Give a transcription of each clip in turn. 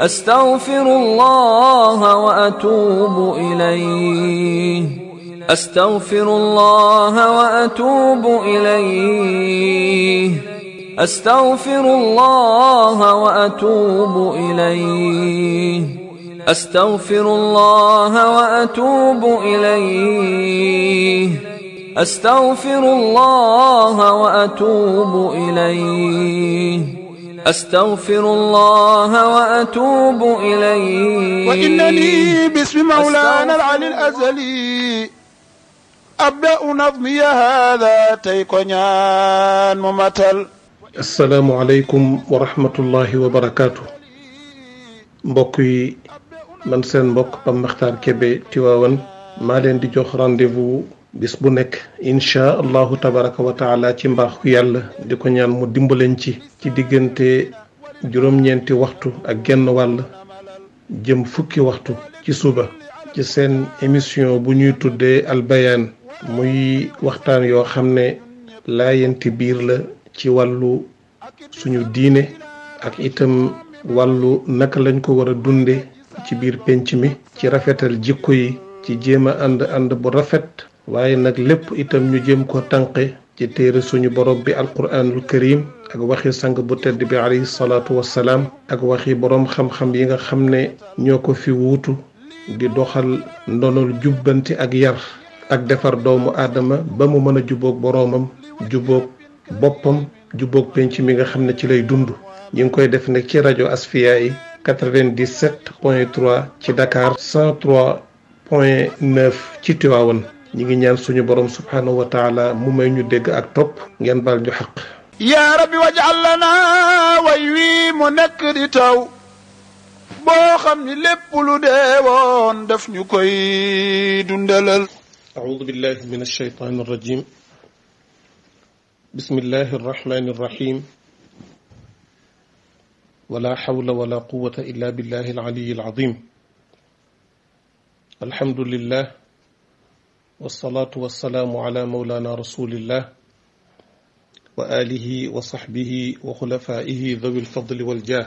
أستغفر الله وأتوب إليه أستغفر الله وأتوب إليه أستغفر الله وأتوب إليه أستغفر الله وأتوب إليه أستغفر الله وأتوب إليه أستغفر الله وأتوب إليه وإنني باسم مولانا العلي الأزلي أبدأ نظمي هذا تيكونيان ممتل السلام عليكم ورحمة الله وبركاته بكي من سن بمختار كبي تواون مالين دي جوخ رانديفو bis bu nekk incha allahu tabaraka wa taala ci mbaaxu yàlla di ko ñaan mu dimbaleen ci ci diggante juróom-ñeenti waxtu ak genn wàll jëm fukki waxtu ci suba ci seen émission bu ñuy tuddee albayaan muy waxtaan yoo xam ne laayenti biir la ci wàllu suñu diine ak itam wàllu naka lañ ko war a dunde ci biir penc mi ci rafetal jikko yi ci jéem a ànd ànd bu rafet waaye nag lépp itam ñu jéem ko tànqe ci téere suñu borom bi alquranul karim ak waxi sang bu tedd bi alayhi salaatu wassalaam ak waxi borom xam-xam yi nga xam ne ñoo ko fi wuutu di doxal ndonol jubbanti ak yar ak defar doomu aadama ba mu mën a jubóog boroomam jubóog boppam jubóog penc mi nga xam ne ci lay dund ñu ngi koy def nag ci rajo asfiya yi 97 point 3 ci Dakar 103 point 9 ci tiwaawan ñi ngi ñaan suñu borom subhanahu wa taala mu may ñu dégg ak top ngeen bal ñu xaq ya rabbi wajal lana way wi mo nek di taw bo xamni lépp lu deewon def ñukoy dundalal a'udhu billahi minash shaitanir rajim بسم الله الرحمن الرحيم ولا حول ولا قوة إلا بالله العلي العظيم الحمد لله والصلاة والسلام على مولانا رسول الله وآله وصحبه وخلفائه ذوي الفضل والجاه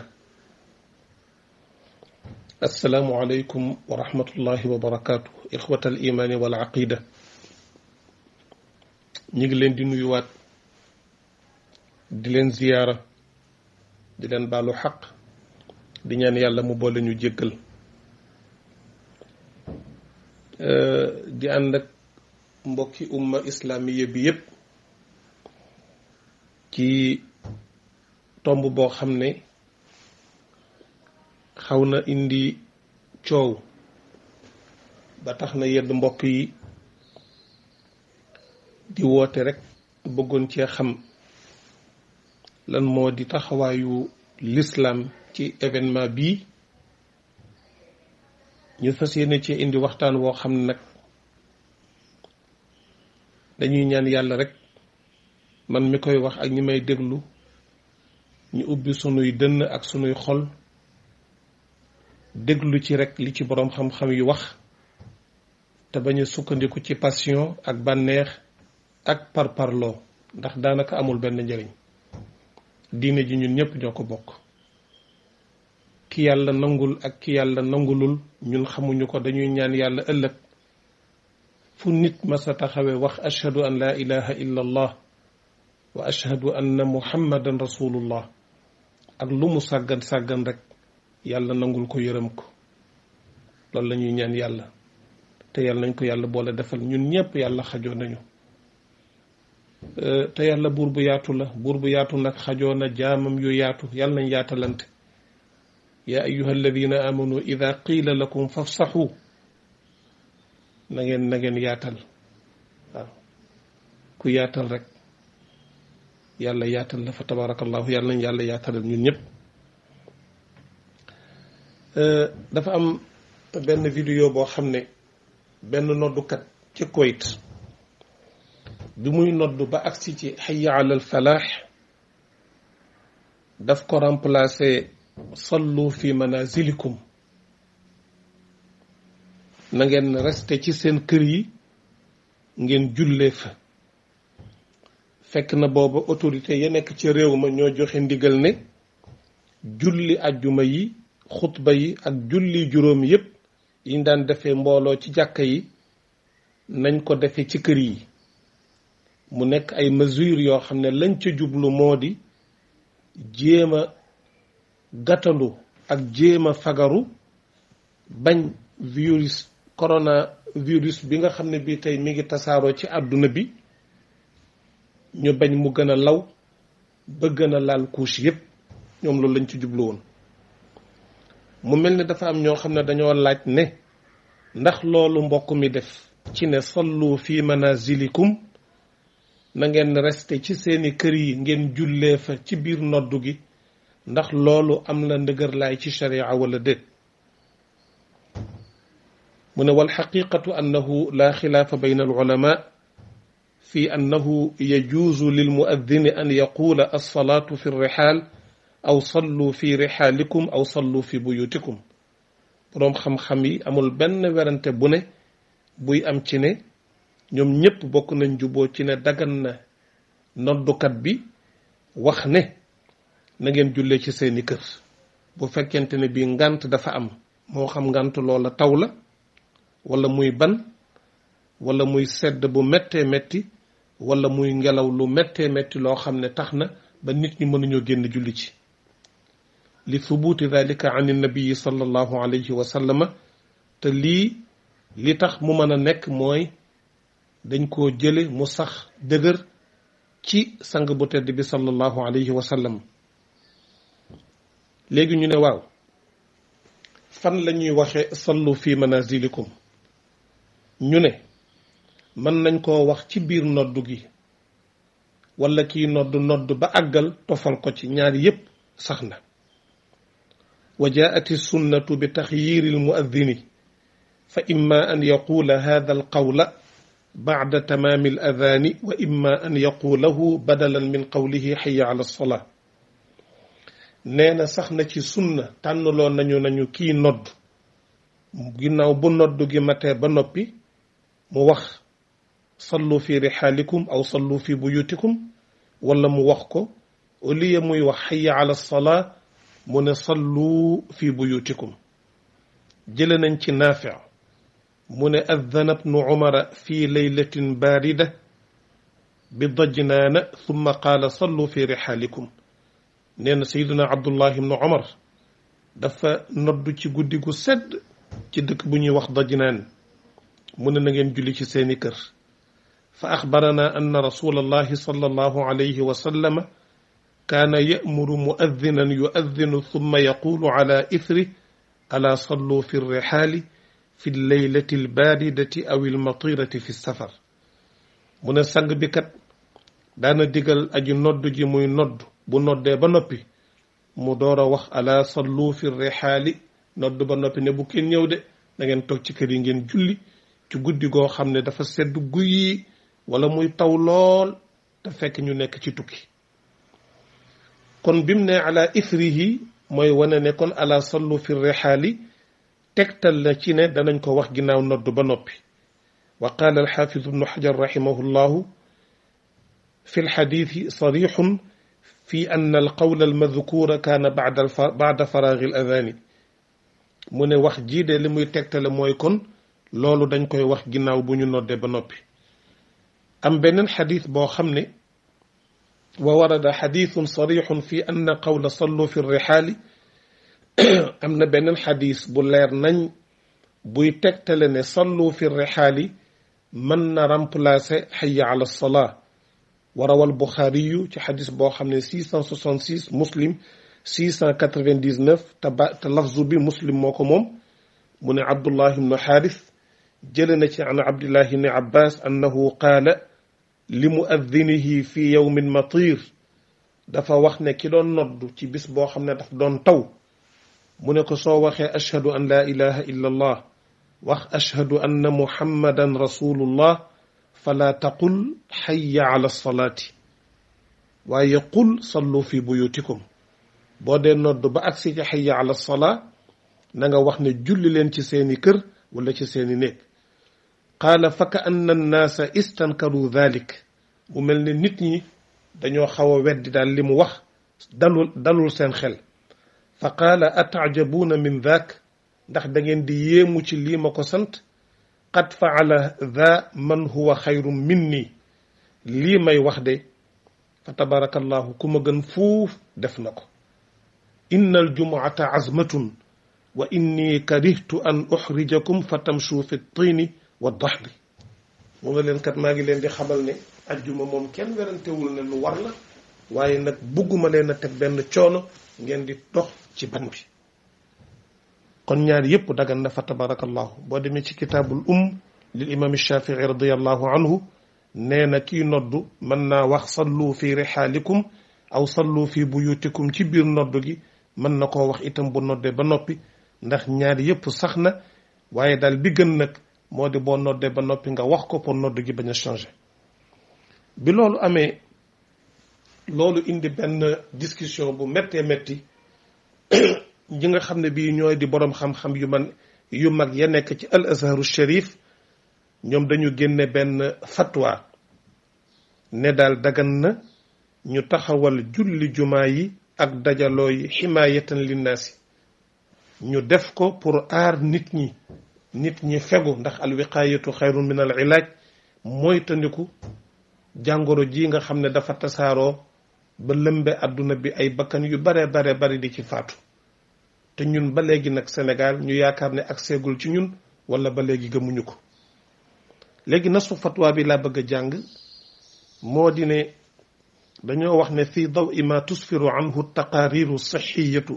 السلام عليكم ورحمة الله وبركاته إخوة الإيمان والعقيدة نجلن دي نيوات دي زيارة دين بالو حق دين di ñaan yàlla mu boole mbokki umma islamiya bi yépp ci tomb boo xam ne xaw na indi coow ba tax na mbokk yi di woote rek bëggoon cee xam lan moo di taxawaayu l'islam ci événement bii ñu fas ci indi waxtaan woo xam nak. dañuy ñaan yàlla rek man mi koy wax ak ñi may déglu ñu ubbi sunuy dënn ak sunuy xol déglu ci rekk li ci boroom xam-xam yu wax te bañ a sukkandiku ci passion ak bànneex ak parparloo ndax daanaka amul benn njëriñ diine ji ñun ñëpp ñoo ko bokk ki yàlla nangul ak ki yàlla nangulul ñun xamuñu ko dañuy ñaan yàlla ëllëg fu nit masa taxawee wax ashhadu an laa ilaha illa allah wa ashhadu anna muhammadan rasulullah ak lu mu sàggan sàggan rek yàlla nangul ko yërëm ko loolu la ñuy ñaan yàlla te yàlla nañ ko yàlla boole defal ñun ñëpp yàlla xajoo nañu te yàlla buur bu yaatu la buur bu yaatu nag xajoo na jaamam yu yaatu yàlla nañ yaatalante yaa ayuha alladina amanu ida qiila lakum fafsaxu na ngeen na ngeen yaatal waaw ku yaatal rek yàlla yaatal la fa tabarakallahu yàlla nañ yàlla yaatalal ñun ñëpp euh, dafa am benn vidéo boo xam ne benn noddukat ci Koweït bi muy noddu ba agsi ci hayya alal falaax daf ko remplacer sallu fi manazilikum nangeen ngeen resté ci seen kër yi ngeen jullee fa fekk na booba autorité ya nekk ci réew ma ñoo joxe ndigal ne julli ajjuma yi xutba yi ak julli juróom yépp yiñ daan defee mbooloo ci jàkka yi nañ ko defee ci kër yi mu nekk ay mesures yoo xam ne lañ ca jublu moo di jéem a ak jéem a fagaru bañ virus coronavirus bi nga xam ne bii tey mi ngi tasaaroo ci àdduna bi ñu bañ mu gën a law ba gën a laal couche yépp ñoom loolu lañ ci jublu woon mu mel ni dafa am ñoo xam ne dañoo laaj ne ndax loolu mbokk mi def ci ne fii fi manazilikum na ngeen reste ci seeni kër yi ngeen jullee fa ci biir noddu gi ndax loolu am la ndëgër laay ci sharia walla déet من والحقيقة أنه لا خلاف بين العلماء في أنه يجوز للمؤذن أن يقول الصلاة في الرحال أو صلوا في رحالكم أو صلوا في بيوتكم بروم خم خمي أم البن ورنت بني بوي أم تيني نيوم نيب بوك نانجو بو تينا داغان بي واخني نغيم جولي سي سيني كير بو فكانتني بي ام مو خم غانت لولا تاولا wala muy ban wala muy sedd bu méttee métti wala muy ngelaw lu méttee métti loo xam ne tax na ba nit ñi mënuñoo génn julli ci li thubuti dhalika an nabiyi sallallahu alayhi wa sallama te lii li tax mu mën a nekk mooy dañ koo jële mu sax dëgër ci sang bu tedd bi sallallahu alayhi wa sallam léegi ñu ne waaw fan la ñuy waxe sallu fi manazilikum ñu ne mën nañ koo wax ci biir noddu gi wala ki nodd nodd ba àggal tofal ko ci ñaar yépp sax na wa jaat sunnatu bi taxyiri almuadini fa imma an yaqula hada alqawla بعد تمام الأذان وإما أن يقوله بدلا من قوله حي على الصلاة نينا سخنا سخنة سنة تنلو نانيو نانيو كي نود غيناو بو نودو gi matee با نوبي mu wax sallu fi rixaalikum aw sallu fi buyutikum wala mu wax ko au lieu muy wax xayya ala salaa mu ne sallu fi buyutikum jële nañ ci naafi mu ne addana bnu umara fi laylatin baarida bi dajnaana thumma qaala sallu fi rixaalikum nee na sayiduna abdullahi bnu umar dafa noddu ci guddi gu sedd ci dëkk bu ñuy wax dajnaan من نجم جلش سينكر فأخبرنا أن رسول الله صلى الله عليه وسلم كان يأمر مؤذنا يؤذن ثم يقول على إثره ألا صلوا في الرحال في الليلة الباردة أو المطيرة في السفر من سنگ بكت دانا ديگل أجي نود جي موي نود بو نود بنوبي مدور وخ ألا صلوا في الرحال نود بنوبي نبو كين يود نغن توك جولي ci guddi goo xam ne dafa sedd guyi wala muy taw lool te fekk ñu nekk ci tukki kon bim ne ala ifrihi mooy wane ne kon ala sallu fi rihaali tegtal na ci ne danañ ko wax ginnaaw noddu ba noppi wa qaala alxaafidu bnu xajar raximahu llahu fi lxadiisi sarixun fi an alqawla almadkura kaana bada bada faraagi al adaani mu ne wax jii de li muy tegtale mooy kon loolu dañ koy wax ginnaaw bu ñu nodde ba noppi am benen hadith boo xam ne wa warada xadisun sarixun fi anna qawla sallu fi rixaali am na beneen xadis bu leer nañ buy tegtale ne sallu fi rixaali mën na remplacer xaya ala salaa warawal buxaariyu ci xadis boo xam ne 666 muslim 699 te lafzu bi muslim moo ko moom mu ne abdullah ibnu xaaris جلنا عن عبد الله بن عباس أنه قال لمؤذنه في يوم مطير دفا وخنا كيلون نود تي بس بو خامني داف دون تاو مونيكو سو وخي اشهد ان لا اله الا الله واخ اشهد ان محمدا رسول الله فلا تقل حي على الصلاه ويقل صلوا في بيوتكم بودي نود با اكسي حي على الصلاه نغا وخني جولي لين سيني كير ولا سيني نيك قال فكأن الناس استنكروا ذلك وملني نتني ني دانيو خاوا ود دال لي مو دالول سين خيل فقال اتعجبون من ذاك داخ دا نين دي ييمو سي لي ماكو سنت قد فعل ذا من هو خير مني لي ماي واخ دي فتبارك الله كوما گن فوف دف نكو ان الجمعه عزمه واني كرهت ان احرجكم فتمشوا في الطين waddax bi moom la leen kat maa ngi leen di xamal ne ajjuma moom kenn werantewul ne lu war la waaye nag bugguma leen a teg benn coono ngeen di dox ci ban bi kon ñaar yépp dagan na fa tabarakallahu boo demee ci kitaabul um lil imam shafii radiallahu anhu nee na kii noddu mën naa wax sallu fi rixaalikum aw sallu fi buyutikum ci biir noddu gi mën na koo wax itam bu noddee ba noppi ndax ñaar yépp sax na waaye daal bi gën nag moo di boo noddee ba noppi nga wax ko pour nodd gi bañ a changé bi loolu amee loolu indi benn discussion bu méttee métti ñi nga xam ne bii ñooy di boroom xam-xam yu man yu mag ya nekk ci al azharu sharif ñoom dañu génne benn fatwa ne daal dagan na ñu taxawal julli jumaa yi ak dajaloo yi ximaayatan linnaasi ñu def ko pour aar nit ñi nit ñi fegu ndax alwiqaayatu xayrun min al ilaaj mooy tëndiku jàngoro ji nga xam ne dafa tasaaroo ba lëmbe àdduna bi ay bakkan yu bare bare bari di ci faatu te ñun ba léegi nag senegal ñu yaakaar ne ak seegul ci ñun wala ba léegi gëmuñu ko léegi nasu fatwa bi laa bëgg a jàng moo di ne dañoo wax ne fii daw ima tusfiru anhu taqaariru saxiyatu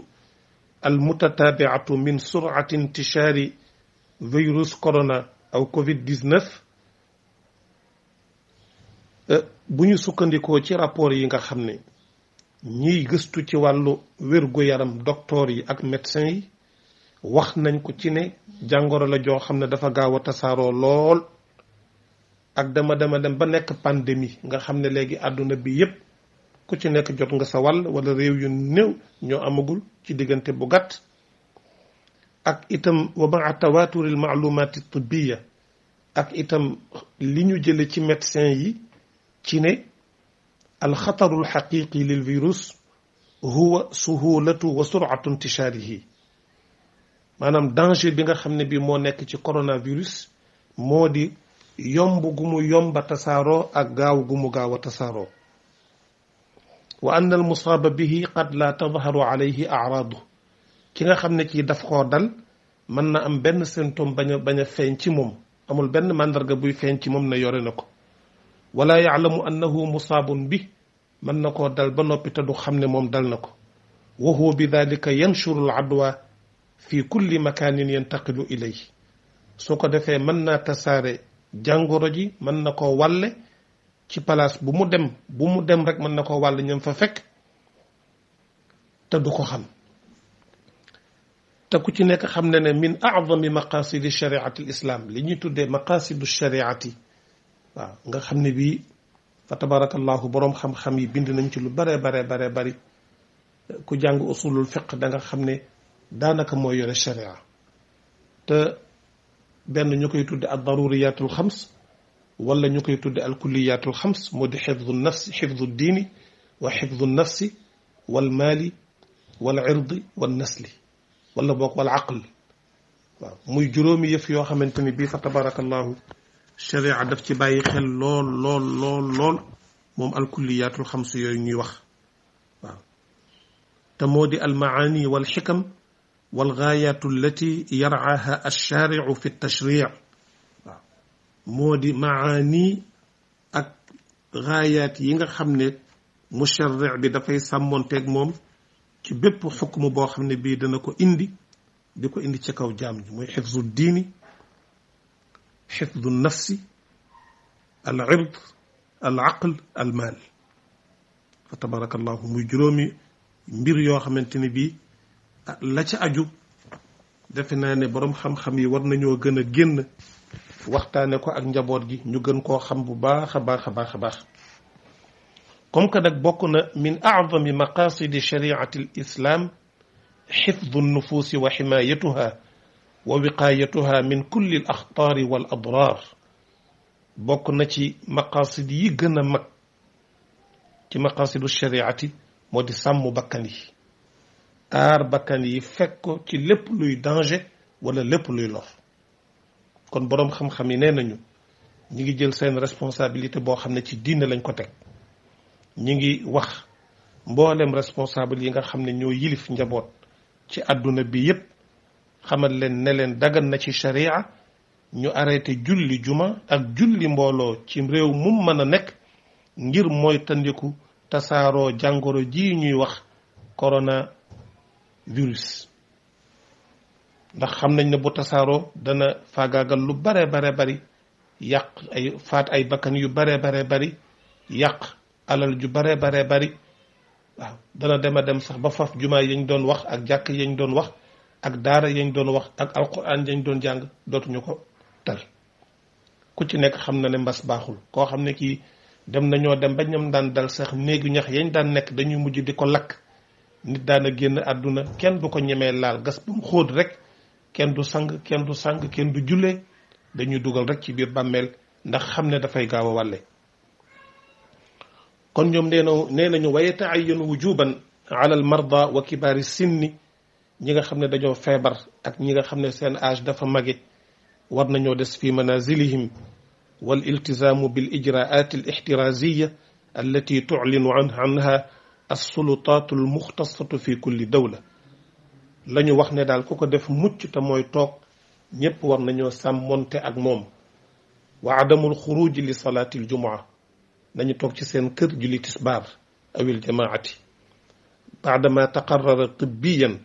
al mutatabiatu min surati intishaari virus corona aw Covid 19 bu ñu sukkandikoo ci rapport yi nga xam ne ñiy gëstu ci wàllu wérgu yaram docteur yi ak médecin yi wax nañ ko ci ne jàngoro la joo xam ne dafa gaaw a tasaaroo lool ak dama dama dem ba nekk pandémie nga xam ne léegi àdduna bi yépp ku ci nekk jot nga sa wàll wala réew yu néew ñoo amagul ci diggante bu gàtt ak itam wa tawatur al ma'lumat lmaalumaati tibbiya ak itam liñu jël ci médecin yi ci ne al al khatar haqiqi lil virus huwa suhulatu wa sur'at intisharihi manam danger bi nga xamne bi mo nek ci coronavirus modi di yomb gu mu yomba tasaro ak gaaw gu mu gaaw tasaro wa anna al musaba bihi qad la tadhharu alayhi a'raduhu ki nga xamne ne daf koo dal man na am ben symptôme baña baña feñ ci mom amul ben màndarga buy feñ ci mom na yore nako wala ya'lamu annahu musabun bi man nako dal ba nopi ta du xamne mom dal nako wa huwa bi dalika yanshuru al adwa fi kulli makanin yantaqilu ilay suko defé man na tasare jàngoro ji man nako koo wàlle ci place bu mu dem bu mu dem rek man nako koo ñam fa fek ta du ko xam te ku ci nekk xam na ne min aadami maqasidi shariati islam li ñuy tuddee maqasidu shariati waaw nga xam ne bii fa tabarakallahu boroom xam-xam yi bind nañ ci lu bare bare bare bari ku jàng usulul fiq da nga xam ne daanaka mooy yore sharia te benn ñu koy tudde al daruriyatul xams wala ñu koy tudde al kulliyatul xams moo di xifdu nafsi xifdu diini wa xifdu nafsi wal maali wal irdi wal nasli wala bok wal aql waaw muy juróomi yëf yo xamanteni bi fa tabarakallahu sharia daf ci bàyyi xel lol lol lol lol mom al kulliyatul khams yoy ñuy wax waaw te moo di almaani wal hikam wal gaayaatu allati ash-shari'u fi at tashri waaw moo maani ak ghayat yi nga xam ne musharri bi samonté ak mom ci bépp xukm boo xam ne bii dana ko indi di ko indi ci kaw jaam ji muy xifdu diini xifdu nafsi al ird al aql al maal fa tabarakallahu muy juróomi mbir yoo xamante ne bii la ca aju defe naa ne borom xam-xam yi war nañoo gën a génn waxtaane ko ak njaboot gi ñu gën koo xam bu baax a baax a baax a baax كم كدك بكون من أعظم مقاصد شريعة الإسلام حفظ النفوس وحمايتها ووقايتها من كل الأخطار والأضرار بكون مقاصد يغنى مك مقاصد الشريعة مودي سام بكاني آر بكاني فكو تي لب لوي دانجي ولا لب لوي لوف كون بروم خم خمينينا نيو نيجي جيل سين رسponsابيليتي بو خمنا تي دين لنكو تك ñi ngi wax mboolem responsable yi nga xam ne ñoo yilif njaboot ci àdduna bi yépp xamal leen ne leen dagan na ci sharia ñu arrêté julli juma ak julli mbooloo ci réew mu mën a nekk ngir mooy tandiku tasaaroo jàngoro ji ñuy wax coronavirus ndax xam nañ ne bu tasaaroo dana faagaagal lu bare bare bari yàq ay faat ay bakkan yu bare bare bari yàq alal ju bare bare bari waaw dana dem a dem sax ba faf jumaa yañ doon wax ak jàkk yañ doon wax ak daara yañ doon wax ak alquran yañ doon jàng dootuñu ko tal ku ci nekk xam na ne mbas baaxul koo xam ne kii dem nañoo dem ba ñam daan dal sax néegu ñax yañ daan nekk dañuy mujj di ko lakk nit daana génn àdduna kenn du ko ñemee laal gas bu mu xóot rek kenn du sang kenn du sang kenn du jullee dañuy dugal rek ci biir bàmmeel ndax xam ne dafay gaaw a wàlle kon ñoom nee na nee nañu waye taayyun wujuban ala al marda wa kibaari sinni ñi nga xamne dañoo febar ak ñi nga xamne seen âge dafa magge war nañoo des fi manazilihim wal iltizaamu bil ijraat al ihtiraziyya allati tuclinu anha assulutaatu almuxtasatu fi kulli dawla la ñu wax ne daal ku ko def mucc te mooy toog ñépp war nañoo sàmmonte ak moom wa adamu alxuruj li salaati aljumua nañu toog ci seen kër julli tisbaar awil jamaati baadama taqarrara tibbiyan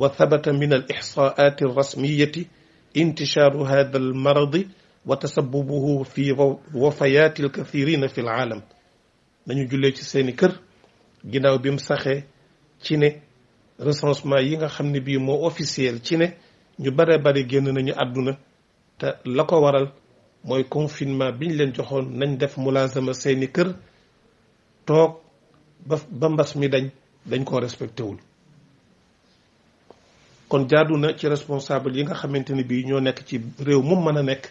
wa thabata min al ixsaati alrasmiyati intisharu hada almaradi wa tasabubuhu fi wafayaati alkathirina fi alaalam nañu jullee ci seeni kër ginnaaw bi mu saxee ci ne recensement yi nga xam ne bii moo officiel ci ne ñu bare bare génn nañu àdduna te la ko waral mooy confinement biñ leen joxoon nañ def mulaasama seeni kër toog ba ba mbas mi dañ dañ koo respecté wul kon jaadu na ci responsable yi nga xamante ni bii ñoo nekk ci réew mu mën a nekk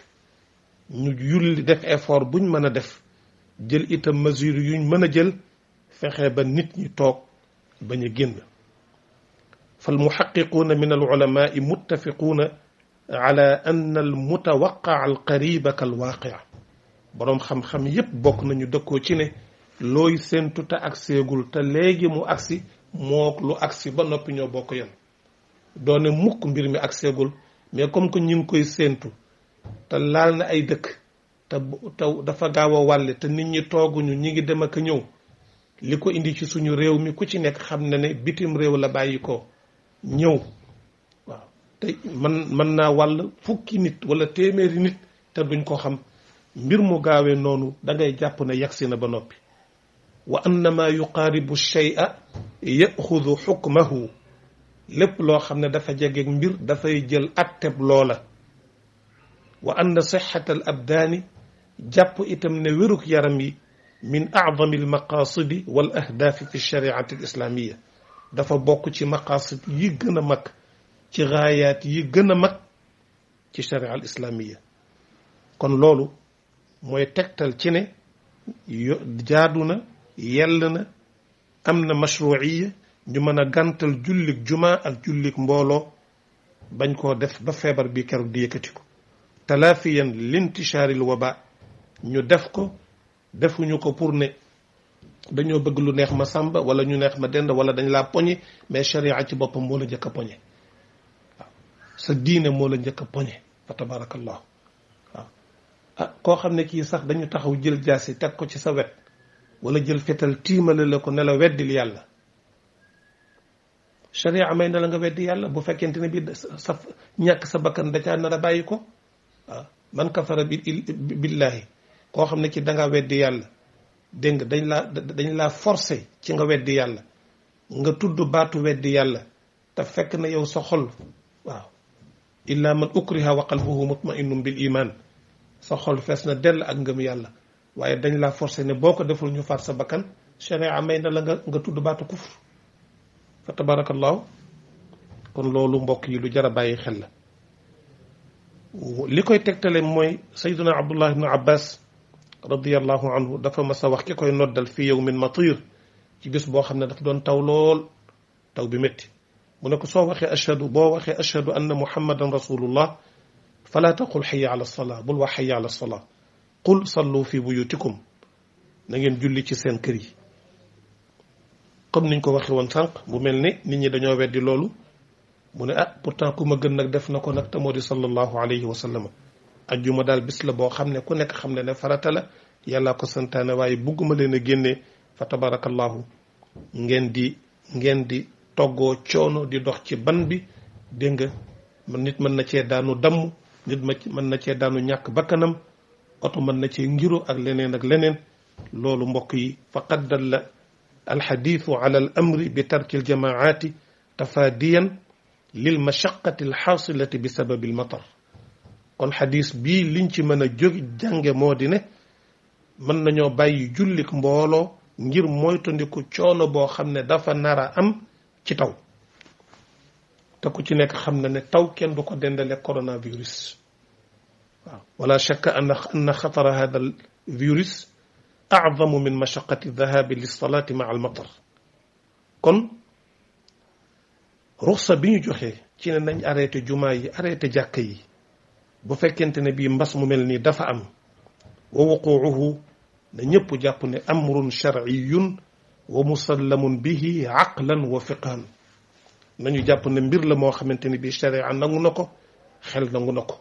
ñu yulli def effort buñ mën a def jël itam mesure yuñ mën a jël fexe ba nit ñi toog bañ a génn fal muxaqiquuna min al ulamaai muttafiquuna ala anna al mutawaqaa al qariba kal waaqia boroom xam-xam yépp bokk nañu dëkkoo ci ne looy séentu te agseegul te léegi mu agsi mook lu agsi ba noppi ñoo bokk yem doone mukk mbir mi ak mais comme que ñu ngi koy séentu te laal na ay dëkk te taw dafa gaaw a wàlle te nit ñi tooguñu ñi ngi dem ak ñëw li ko indi ci suñu réew mi ku ci nekk xam na ne bitim réew la bàyyi ko ñëw te man mën naa wàll fukki nit wala téeméeri nit te duñ ko xam mbir mu gaawee noonu da ngay jàpp ne yagsi na ba noppi wa annama yuqaaribu shay'a yaxudu xukmahu lépp loo xam ne dafa jegeeg mbir dafay jël atteb loola wa anna sixata al abdaani jàpp itam ne wérug yaram yi min acdami almaqaasidi wal ahdaafi fi shariati al islaamiya dafa bokk ci maqaasid yi gën a mag ci raayaat yi gën a mag ci sharia al islamiya kon loolu mooy tegtal ci ne yo jaadu na yell na am na mashruiya ñu mën a gàntal jullik jumaa ak jullik mbooloo bañ koo def ba feebar bi keroog di yëkkati ko talaafiyan lintishaaril waba ñu def ko defuñu ko pour ne dañoo bëgg lu neex ma sàmba wala ñu neex ma dend wala dañ laa poñe mais sharia ci boppam moo la njëkk a poñe sa diine moo la njëkk a poñe fa tabarakallahu waaw ah, koo xam ne kii sax dañu taxaw jël jaasi teg ko ci sa wet wala jël fetal tiimale la ko ne la weddil yàlla sharia may na la nga weddi yàlla bu fekkente ne bi sa ñàkk sa bakkan da caa nar a ko ah, man kafara bi billahi koo xam ne ki da nga weddi yàlla dégg dañ la dañ laa forcé ci nga weddi yàlla nga tudd baatu weddi yàlla te fekk na yow sa xol waaw illa man ukriha wa qalbuhu mutma'innun bil iman sa xol fees na dell ak ngëm yàlla waaye dañ laa forcé ne boo ko deful ñu faat sa bakkan sharia may na la nga nga tudd baatu kufr fa tabarakallahu kon loolu mbokk yi lu jar a bàyyi xel la li koy tegtale mooy sayduna abdullah ibnu abbas radiallahu anhu dafa mas a wax ki koy noddal fi yawmin matir ci bis boo xam ne daf doon taw lool taw bi métti mu ne ko soo waxee ashhadu boo waxee ashhadu anna muhammadan rasulullah fala taqul xayya ala salaa bul wax xayya ala salaa qul sallu fi buyutikum na ngeen julli ci seen kër yi comme niñ ko waxee woon sànq mu mel ni nit ñi dañoo weddi loolu mu ne ah pourtant ku ma gën nag def na ko nag te moo di sallallahu alayhi wa sallam ajjuma daal bis la boo xam ne ku nekk xam ne ne farata la yàlla ko santaane waaye bugguma leen a génnee fa tabarakallahu ngeen di ngeen di togo choono di dox ci ban bi dégg nga nit man na ci daanu dam nit man na ci daanu ñak bakanam auto man na ci ngiro ak leneen ak leneen loolu mbokk yi fa faqad al hadith ala al amr bi tark al jamaat tafadiyan lil mashaqqati al hasilati bi sabab al matar kon hadith bi liñ ci mën jóg jànge moo di ne mën nañoo bàyyi julik mbolo ngir moytandiku choono bo xamne dafa nara am ci taw te ku ci nekk xam na ne taw kenn du ko dendale coronavirus waaw wala chaque an an xatara hada اعظم من مشقة الذهاب للصلاة مع المطر كن رخصة بني جوخي تينا نانج اريت جماي اريت جاكي بو فكنت نبي مبس مملني دفع ووقوعه نيب جابني امر شرعي ومسلم به عقلا وفقها نانيو جاب نمبر لما خمنتني بي شرعي عن نغنكو خل نغنكو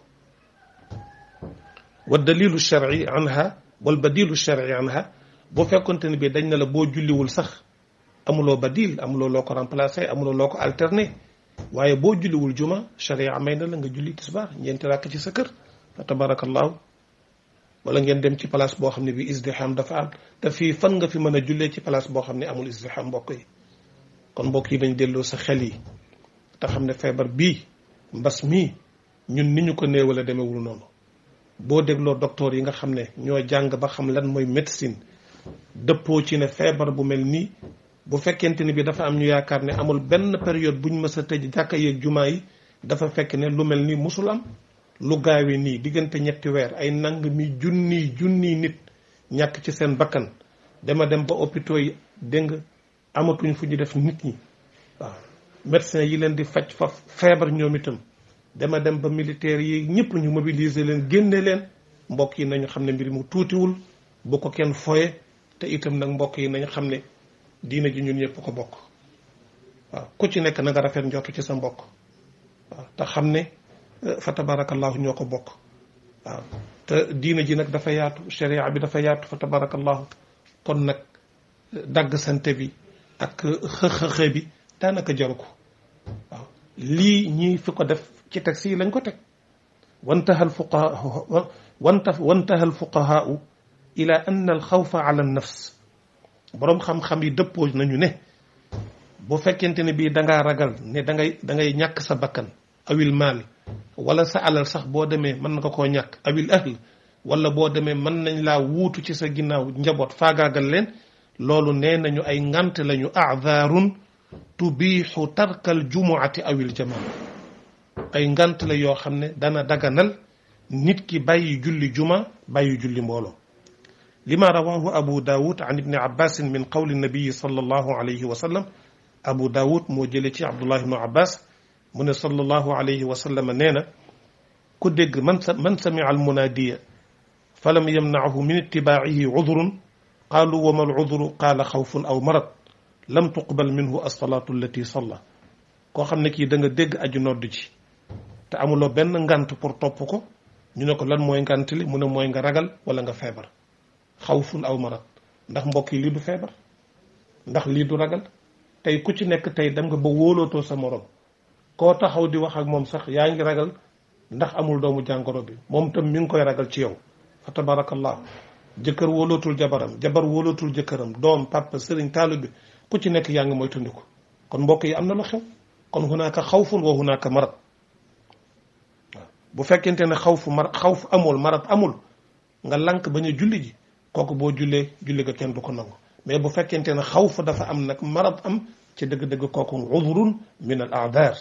والدليل الشرعي عنها والبديل الشرعي عنها بو فكنت نبي دنجنا لبو جولي والسخ أملو بديل أملو لوكو رمبلاسي أملو لوكو ألترني waye bo julli wul juma sharia mayna la nga julli tisbar ñent rak ci sa kër tabarak wala ngeen dem ci place boo xam ne bi izdiham dafa am te fii fan nga fi mën a jullee ci place boo xam ne amul izdiham mbokk yi kon mbokk yi dañ delloo sa xel yi te xam ne feebar bii mbas mii ñun ni ñu ko néewale demewul noonu boo dégloo docteur yi nga xam ne ñoo jàng ba xam lan mooy médecine dëppoo ci ne feebar bu mel nii bu fekkente ni bi dafa am ñu yaakaar ne amul benn période buñ mës a tëj jàkka yeeg jumaa yi dafa fekk ne lu mel nii musul am lu gaawe nii diggante ñetti weer ay nang mi junni junni nit ñàkk ci seen bakkan dama dem ba hôpitaux yi dégg nga amatuñ fu ñu def nit ñi waaw médecin yi leen di faj fa feebar ñoom itam dama dem ba militaire yi ñëpp ñu mobiliser leen génne leen mbokk yi nañu xam ne mbir mu tuutiwul bu ko kenn foye te itam nag mbokk yi nañu xam ne diina ji ñun ñëpp ko bokk waaw ku ci nekk na nga rafet njortu ci sa mbokk te xam ne فتبارك الله نيوكو بوك دين جي نك دا فا ياتو شريعه بي دا فا ياتو فتبارك الله كون نك داغ سانتي بي اك خخ خي بي دا نك جاركو لي ني فيكو ديف تي تاكسي لنكو تك وانتهى الفقهاء وانتهى وانتهى الفقهاء الى ان الخوف على النفس بروم خام خام بي ديبوج نانيو ني بو فكنتني بي داغا راغال ني داغاي داغاي نياك سا بكان awil maal wala sa alal sax boo demee mën na ko koo awil ahl wala boo demee mën nañ laa wuutu ci sa ginnaaw njaboot faagaagal leen loolu nee nañu ay ngant lañu aadaarun tubiixu tarkal jumuati awil jama' ay ngant la yoo xam dana daganal nit ki bàyyi julli juma bàyyi julli mbooloo lima rawahu abu daawud an ibni abbasin من قول النبي sallallahu alayhi wa sallam abu daawud moo jële ci abdullah ibnu abbas من صلى الله عليه وسلم نينا كدق من سمع المنادية فلم يمنعه من اتباعه عذر قالوا وما العذر قال خوف أو مرض لم تقبل منه الصلاة التي صلى كوخم نكي كي داغا دغ اجي نود جي تا امولو بن نغانت بور توبكو ني نكو لان موي نغانتلي مون موي nga ragal wala خوف او مرض نحن بوكي ليدو du نحن ليدو li تاي ragal tay ku بوولو nek tay koo taxaw di wax ak moom sax yaa ngi ragal ndax amul doomu jàngoro bi moom tam mi ngi koy ragal ci yow fa tabarakallahu jëkkër wóolootul jabaram jabar wóolootul jëkkëram doom papa sëriñ taalu bi ku ci nekk yaa ngi mooy tundiku kon mbokk yi am na lu xew kon hunaaka xawfun wa hunaaka marad bu fekkente ne xawfu mar xawfu amul marad amul nga lank bañ julli ji kooku boo jullee julli ga kenn du ko nangu mais bu fekkente ne xawfu dafa am nag marad am ci dëgg-dëgg kooku udrun min al aadar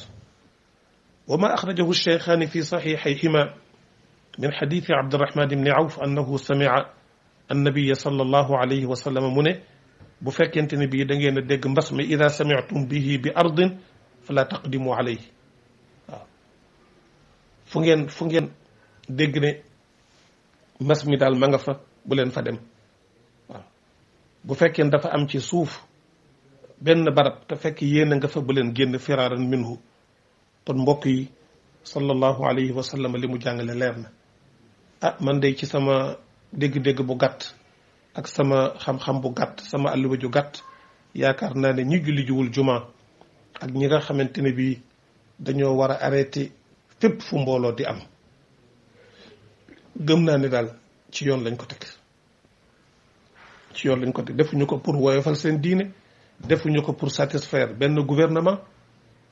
وما أخرجه الشيخان في صحيحيهما من حديث عبد الرحمن بن عوف أنه سمع النبي صلى الله عليه وسلم منه بفكنت نبي دنجين الدق مبسم إذا سمعتم به بأرض فلا تقدموا عليه فنجين فنجين دقني مبسم دا المنغفة بلين فدم بفكين أنت فأمتي صوف بين برب تفكي ينغفة بلين جين فرارا منه kon mbokk yi sallallahu alayhi wa sallam li mu jàngale leer na ah man de ci sama dégg-dégg bu gàtt ak sama xam-xam bu gàtt sama alluwa ju gàtt yaakaar naa ne ñi julli ak ñi nga xamante ne bii dañoo war a arrêté fépp fu mbooloo di am gëm naa ne daal ci yoon lañ ko teg ci yoon lañ ko teg defuñu ko pour woyofal seen diine defuñu ko pour satisfaire benn gouvernement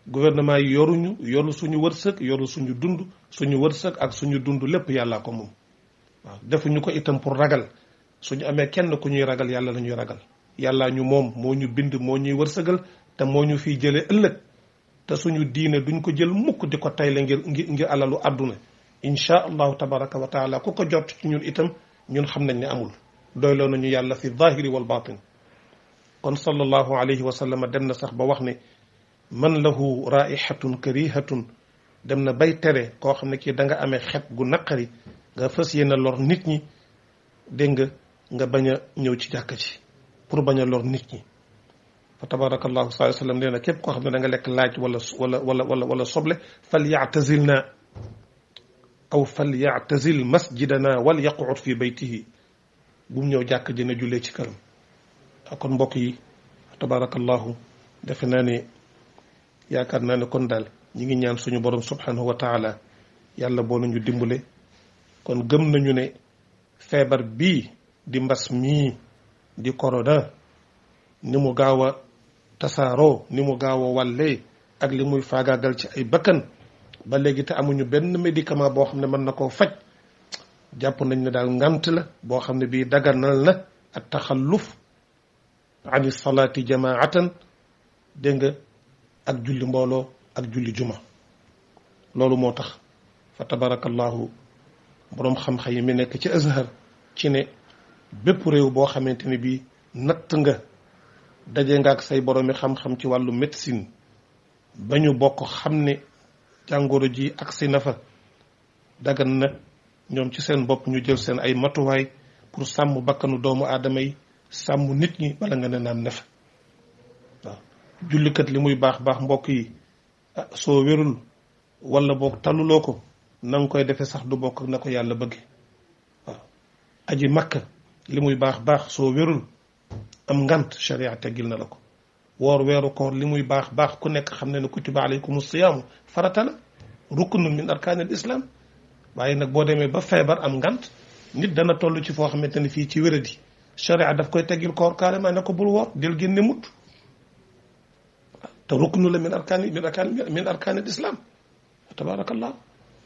gouvernement yi yoruñu yoru suñu wërsëg yoru suñu dund suñu wërsëg ak suñu dund lépp yàllaa ko moom waaw defuñu ko itam pour ragal suñu amee kenn ku ñuy ragal yàlla la ñuy ragal yàllaa ñu moom moo ñu bind moo ñuy wërsëgal te moo ñu fiy jëlee ëllëg te suñu diine duñ ko jël mukk di ko tayle ngir ngir alalu àdduna inchaa allahu tabaraka wa taala ku ko jot ci ñun itam ñun xam nañ ne amul doyloo nañu yàlla fi zahiri wal batin kon sallallahu alayhi wa sallam dem na sax ba wax ne man lahu raihatun karihatun dem na bay tere koo xam ne kii da nga amee xet gu naqari nga fas yéene lor nit ñi dégg nga nga bañ a ñëw ci jàkk ci pour bañ a lor nit ñi fa tabarakallahu saa sallam nee na képp koo xam ne da nga lekk laaj wala wala wala wala wala soble fal yactasil na aw fal yactasil masjidana wal yaquut fi baytihi bu mu ñëw jàkk ji ne jullee ci këram kon mbokk yi tabarakallahu defe naa ne yaakaar naa ne kon daal ñi ngi ñaan suñu borom subhanahu wa taala yàlla boo ñu dimbale kon gëm nañu ne feebar bii di mbas mii di corona ni mu gaaw a tasaaroo ni mu gaaw a ak li muy faagaagal ci ay bakkan ba léegi te amuñu benn médicament boo xam ne mën na koo faj jàpp nañ ne daal ngant la boo xam ne bii daganal na ak taxalluf ani salaati jamaatan dégg nga ak julli mbooloo ak julli juma loolu moo tax fa tabarakallahu boroom xam-xam yi mi nekk ci azhar ci ne bépp réew boo xamante ni bii natt nga daje nga ak say boroomi xam-xam ci wàllu médecine ba ñu bokk xam ne jàngooro ji agsi na fa dagan na ñoom ci seen bopp ñu jël seen ay matuwaay pour sàmm bakkanu doomu aadama yi sàmm nit ñi wala nga ne naan ne fa jullikat li muy baax baax mbokk yi soo wérul wala boog talluloo ko na nga koy defee sax du bokk na ko yàlla bëgge aji makka li muy baax baax soo wérul am ngant sharia teggil na la ko woor weeru koor li muy baax baax ku nekk xam ne ne kutiba alaykum siyaamu farata la ruknun min arkaanil islam waaye nag boo demee ba feebar am ngant nit dana toll ci foo xamante ne fii ci wéradi sharia daf koy teggil koor carrément ne ko bul woor del génne mut te ruknu la min arkaani min arkaani min arkaani lislaam tabaarakallah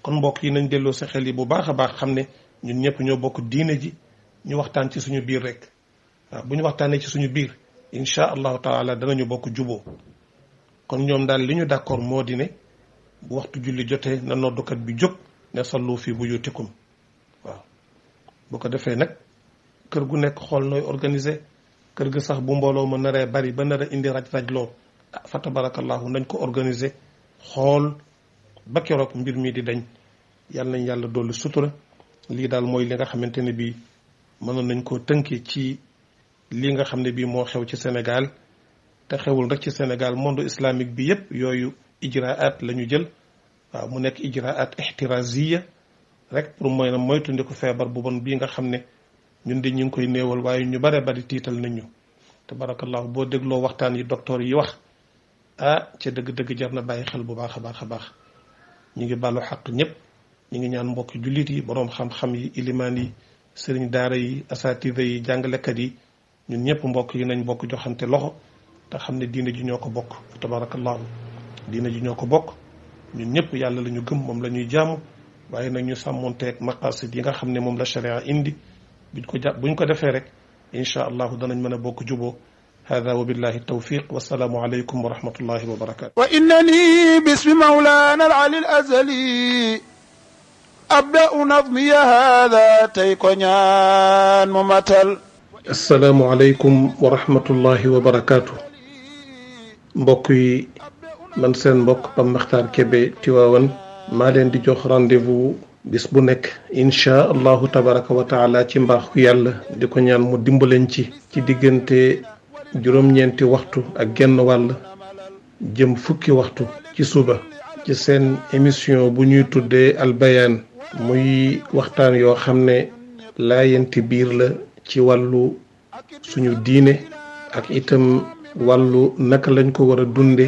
kon mbokk yi nañ delloo sa xel yi bu baax a baax xam ne ñun ñëpp ñoo bokk diine ji ñu waxtaan ci suñu biir rek waaw bu ñu waxtaanee ci suñu biir incha allahu taala danañu bokk juboo kon ñoom daal li ñu d'accord moo di ne bu waxtu julli jotee na noddukat bi jóg ne sallu fi buyutikum waaw bu ko defee nag kër gu nekk xool nooy organiser kër gi sax bu mbooloo ma naree bari ba nar indi raj raj loo fa tabarakallahu nañ ko organiser xool ba keroog mbir mii di dañ yàlla nañ yàlla dolli sutura lii daal mooy li nga xamante ne bii mënoon nañ koo tënkee ci lii nga xam ne bii moo xew ci Sénégal te xewul rek ci senegal monde islamique bi yépp yooyu ijraat la ñu jël waaw mu nekk ijraat ixtiraziya rek pour mooy na ko feebar bu bon bii nga xam ne ñun de ñu ngi koy néewal waaye ñu bare bari tiital nañ ñu te barakallahu boo dégloo waxtaan yi docteur yi wax ah ca dëgg-dëgg jar na bàyyi xel bu baax a baax a baax ñu ngi bàllu xaq ñëpp ñu ngi ñaan mbokk jullit yi boroom xam-xam yi ilimaan yi sëriñ daara yi asaatiza yi jàngalekat yi ñun ñëpp mbokk yi nañ bokk joxante loxo te xam ne diina ji ñoo ko bokk fa tabarakallahu diina ji ñoo ko bokk ñun ñëpp yàlla la ñu gëm moom la ñuy jaamu waaye nag ñu sàmmonteeg maqasid yi nga xam ne moom la sharia indi buñ ko jàpp buñ ko defee rek incha allahu danañ mën a bokk juboo هذا وبالله التوفيق والسلام عليكم ورحمة الله وبركاته وإنني باسم مولانا العلي الأزلي أبدأ نظمي هذا تيكونان ممتل السلام عليكم ورحمة الله وبركاته بقي من سن بق بم مختار كبي تواون ما لين دي جوخ رانديفو بس إن شاء الله تبارك وتعالى تيمباخ يالله ديكونيان مو ديمبلنتي تي ديغنتي juróom-ñeenti waxtu ak genn wàll jëm fukki waxtu ci suba ci seen émission bu ñuy tuddee albayaan muy waxtaan yoo xam ne laayanti biir la ci wàllu suñu diine ak itam wàllu naka lañ ko war a dunde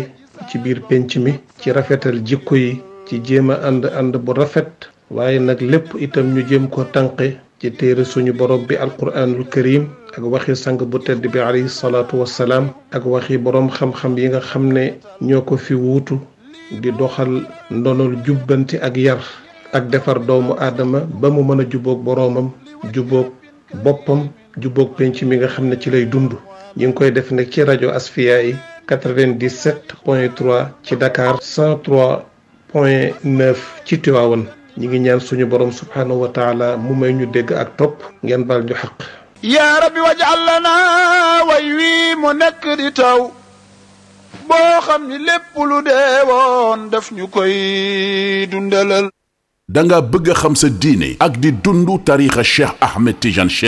ci biir pénc mi ci rafetal jikko yi ci jéem a ànd ànd bu rafet waaye nag lépp itam ñu jéem ko tànqe ci téere suñu borom bi alquranul karim ak waxi sang bu tedd bi alayhi salaatu wassalaam ak waxi borom xam-xam yi nga xam ne ñoo ko fi wuutu di doxal ndonol jubbanti ak yar ak defar doomu aadama ba mu mën a jubóog boroomam jubóog boppam jubóog penc mi nga xam ne ci lay dund ñu ngi koy def nag ci rajo asfiya yi 97 point 3 ci dakaar 103 point 9 ci Tivaouane ñi ngi ñaan suñu borom subhaanahu wa taala mu may ñu dégg ak topp ngeen bal ñu xaq yaa rabbi wajal lana way wii mu nekk di taw boo xam ni lépp lu dee woon ñu koy dundalal da nga bëgg a xam sa diine ak di dund tariixa cheikh Ahmed Tidiane Cheikh